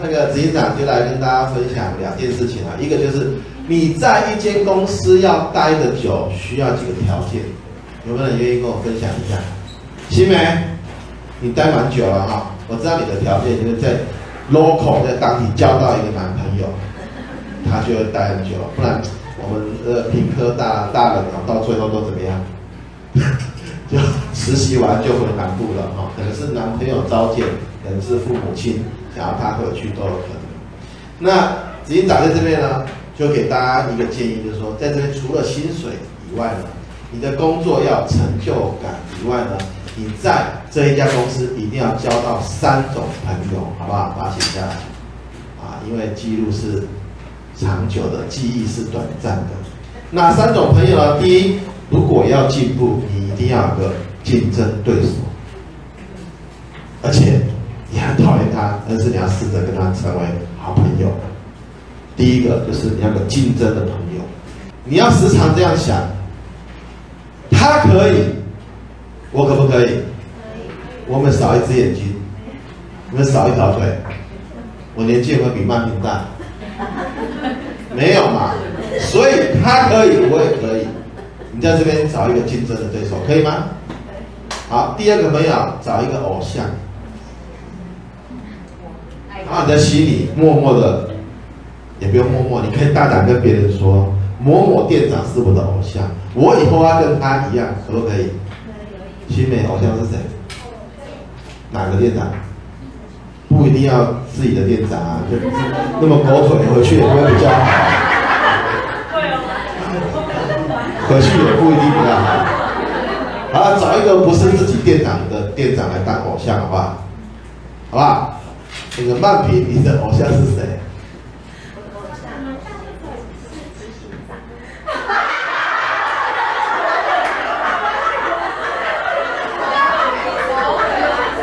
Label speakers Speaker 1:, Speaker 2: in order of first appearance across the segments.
Speaker 1: 那個執行長就來跟大家分享兩件事情啊，一個就是你在一間公司要待得久，需要幾個條件，有沒有人願意跟我分享一下？欣梅，你待蠻久了哈、哦，我知道你的條件就是在 local 在當地交到一個男朋友，他就會待很久，不然我們呃品科大大人啊，到最後都怎麼樣？就實習完就回南部了哈、哦，可能是男朋友召見。可能是父母親，想要他回去都有可能。那紫英長在這邊呢，就給大家一個建議，就是說，在這邊除了薪水以外呢，你的工作要成就感以外呢，你在這一家公司一定要交到三種朋友，好不好？把它寫下來啊！因為記錄是長久的，記憶是短暫的。
Speaker 2: 那三種朋友呢？第一，
Speaker 1: 如果要進步，你一定要有個競爭對手，而且。討厭他，但是你要試着跟他成為好朋友。第一個就是你要有個競爭的朋友，你要時常這樣想：他可以，我可不可以？可以，可以。我們少一隻眼睛，我們少一條腿，我年紀會比曼平大？沒有嘛，所以他可以，我也可以。你在這邊找一個競爭的對手，可以嗎？可以。好，第二個朋友，找一個偶像。啊，在心裡默默的，也不用默默，你可以大膽跟別人說，某某店長是我的偶像，我以後要跟他一樣，可不可以？心美偶像是誰？可可哪個店長可不可？不一定要自己的店長，啊就就，那麼狗腿回去也不會比較好。對啊。回去也不一定比較好。啊，找一個不是自己店長的店長來當偶像，好不好？好吧。好吧你個曼平，你的偶像是誰？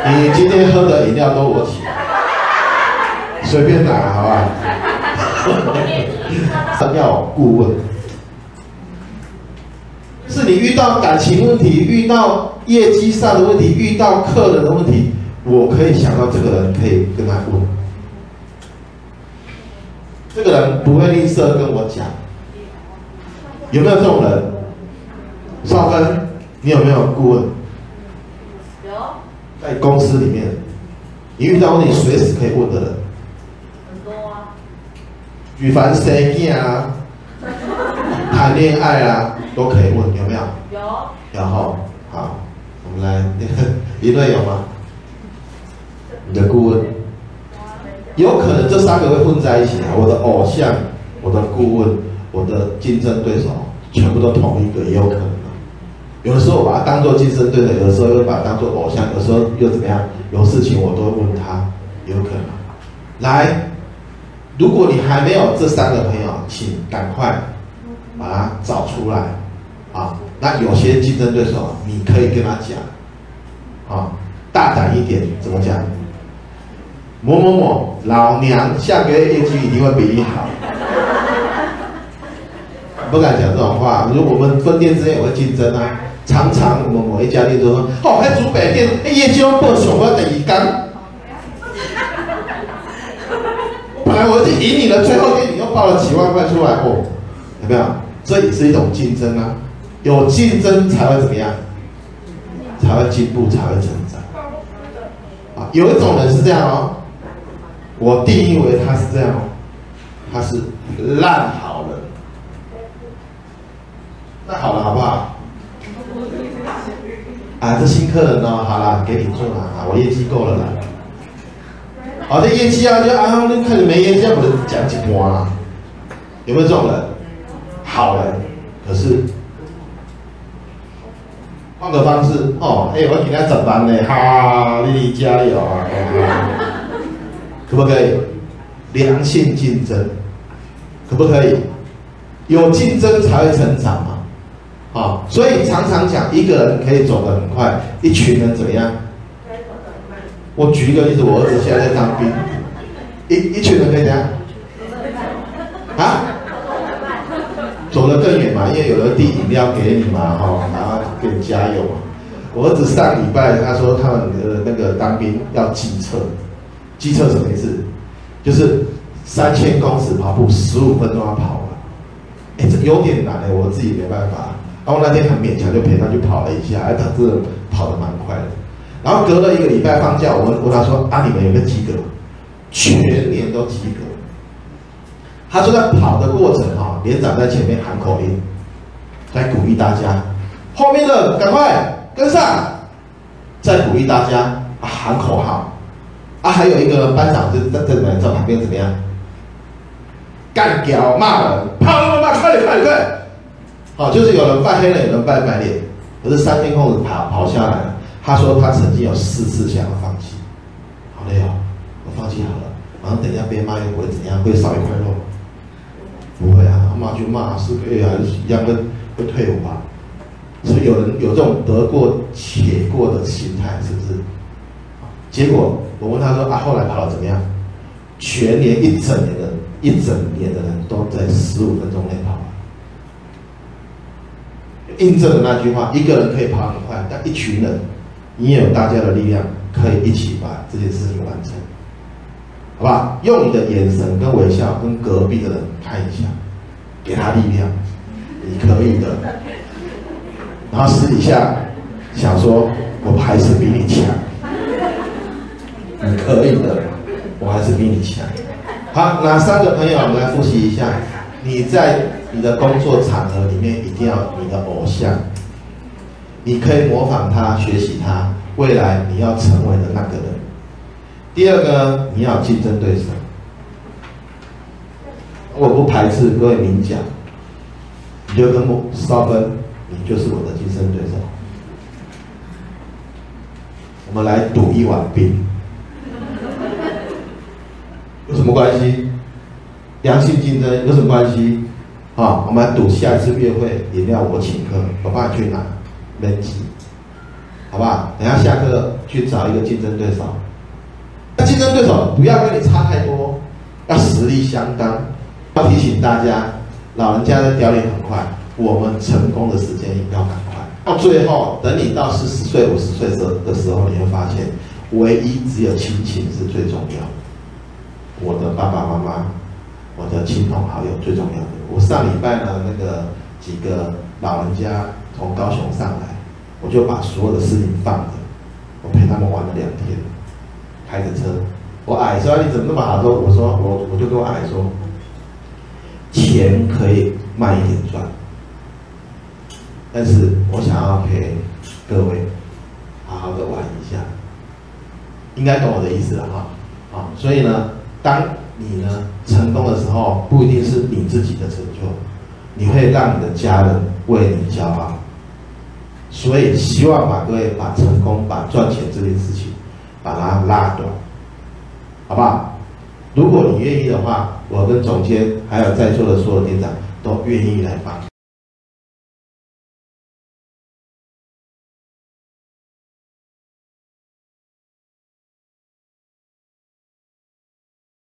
Speaker 1: 你今天喝的飲料都我請，隨便拿，好吧？三藥顧問，是你遇到感情問題、遇到業績上的問題、遇到客人的問題。我可以想到這個人可以跟他問，這個人不會吝嗇跟我講，有沒有這種人？少芬，你有沒有顧問？有。在公司裡面，你遇到問題，隨時可以問的人。很多啊。舉凡生意啊、談戀愛啊，都可以問，有沒有？有。然後，好，我們來，一對有嗎？你的顧問，有可能這三個會混在一起啊。我的偶像，我的顧問，我的競爭對手，全部都同一個也有可能。有的時候我把他當做競爭對手，有的時候又把他當做偶像，有時候又怎麼樣？有事情我都會問他，有可能。來，如果你還沒有這三個朋友，請趕快把他找出來啊。那有些競爭對手，你可以跟他講啊，大膽一點，怎麼講？某某某，老娘下個月業績一定會比你好，不敢講這種話。如果我們分店之間有競爭啊，常常我們某一家店都說：“哦，還主北店那業績要爆上我第幾間？”哈哈哈哈哈！本來我已經贏你了，最後一天你又爆了幾萬塊出來哦，有沒有？這也是一種競爭啊，有競爭才會怎麼樣？才會進步，才會成長。啊，有一種人是這樣哦。我定義為他是這樣，他是爛好人。那好了，好不好？啊，這新客人呢、哦、好了，給你做啊，我業績夠了啦。好的、哦、業績啊，就啊，那看你沒業績，我就講幾多啊？有沒有這種人？好人，可是換個方式哦，哎、欸，我今天十萬呢，哈、啊，你加油啊！嗯 可不可以良性競爭？可不可以有競爭才會成長嘛？啊、哦，所以常常講一個人可以走得很快，一群人怎樣？走我舉一個例子，我兒子現在在當兵，一一群人可以怎樣？啊，走得更遠嘛，因為有了弟弟要給你嘛，吼，然後給你加油嘛。我兒子上禮拜他說他們的那個當兵要計策。機車什麼意思？就是三千公尺跑步，十五分鐘要跑完。哎、欸，這有點難哎、欸，我自己沒辦法。然、啊、後那天很勉強就陪他去跑了一下，哎、啊，他是跑得蠻快的。然後隔了一個禮拜放假，我問我他說啊，你們有沒有及格，全年都及格。他說在跑的過程哈、哦，連長在前面喊口令，在鼓勵大家，後面的趕快跟上，在鼓勵大家、啊、喊口號。啊，還有一個班長就，就是站在門在旁邊怎麼樣，幹屌，罵人，跑那麼慢，快點快點快！好、啊，就是有人扮黑臉，有人扮白臉，可是三天後子跑,跑下來了。他說他曾經有四次想要放棄，好累啊、哦，我放棄好了。然後等一下被罵又會怎樣，會少一塊肉，不會啊，他媽就罵是、啊，哎呀，一樣的會退伍吧。是不是有人有這種得過且過的心態？是不是？結果我問他說啊，後來跑得怎麼樣？全年一整年的一整年的人都在十五分鐘內跑了，印證了那句話：一個人可以跑很快，但一群人，你也有大家的力量，可以一起把這件事情完成，好吧？用你的眼神跟微笑跟隔壁的人看一下，給他力量，你可以的。然後私底下想說，我還是比你強。你可以的，我還是比你強。好，哪三個朋友？我們來複習一下。你在你的工作場合裡面，一定要有你的偶像，你可以模仿他、學習他，未來你要成為的那個人。第二個，你要有競爭對手。我不排斥各位明講，你就跟我少芬，你就是我的競爭對手。我們來賭一碗冰。有什麼關係，良性競爭有什麼關係？啊，我們賭下一次約會，飲料我請客，我爸去哪，沒戲。好吧，等下下課去找一個競爭對手。那競爭對手不要跟你差太多，要實力相當。要提醒大家，老人家的凋零很快，我們成功的時間也要趕快。到最後，等你到四十歲、五十歲的時候，你會發現，唯一只有親情是最重要。我的爸爸媽媽，我的親朋好友最重要的。我上禮拜呢，那個幾個老人家從高雄上來，我就把所有的事情放着，我陪他們玩了兩天，開着車。我矮說：“你怎麼那麼矮？”說：“我說我我就跟我矮說，錢可以慢一點賺，但是我想要陪各位好好的玩一下，應該懂我的意思了哈。啊。啊，所以呢。”當你呢，成功的時候，不一定是你自己的成就，你會讓你的家人為你驕傲。所以希望把各位把成功、把賺錢這件事情，把它拉短，好不好？如果你願意的話，我跟總監還有在座的所有店長都願意來幫你。